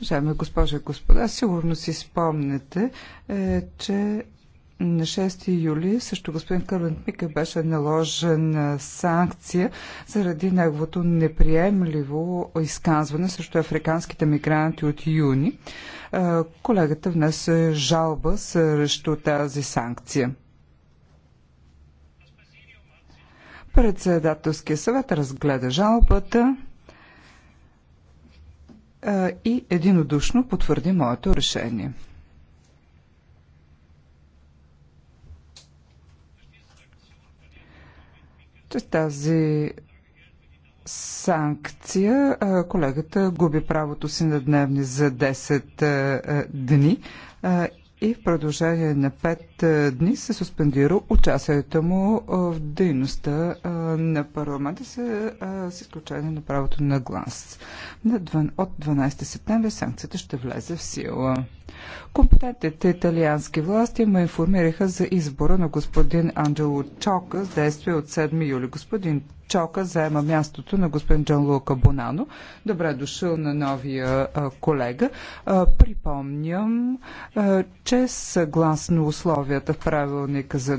Уважаеми госпожа и господа, сигурно си спомнете, е, че на 6 юли също господин Кърлен Мика беше наложен е, санкция заради неговото неприемливо изказване срещу африканските мигранти от юни. Е, колегата внесе жалба срещу тази санкция. Председателския съвет разгледа жалбата и единодушно потвърди моето решение. Чрез тази санкция колегата губи правото си на дневни за 10 дни и в продължение на 5 дни се суспендира участието му в дейността на парламента са с изключение на правото на глас. От 12 септември санкцията ще влезе в сила. Компетентните италиански власти ме информираха за избора на господин Анджело Чока с действие от 7 юли. Господин Чока заема мястото на господин Джон Лука Бонано. Добре е дошъл на новия а, колега. А, припомням, а, че съгласно условията в правилника за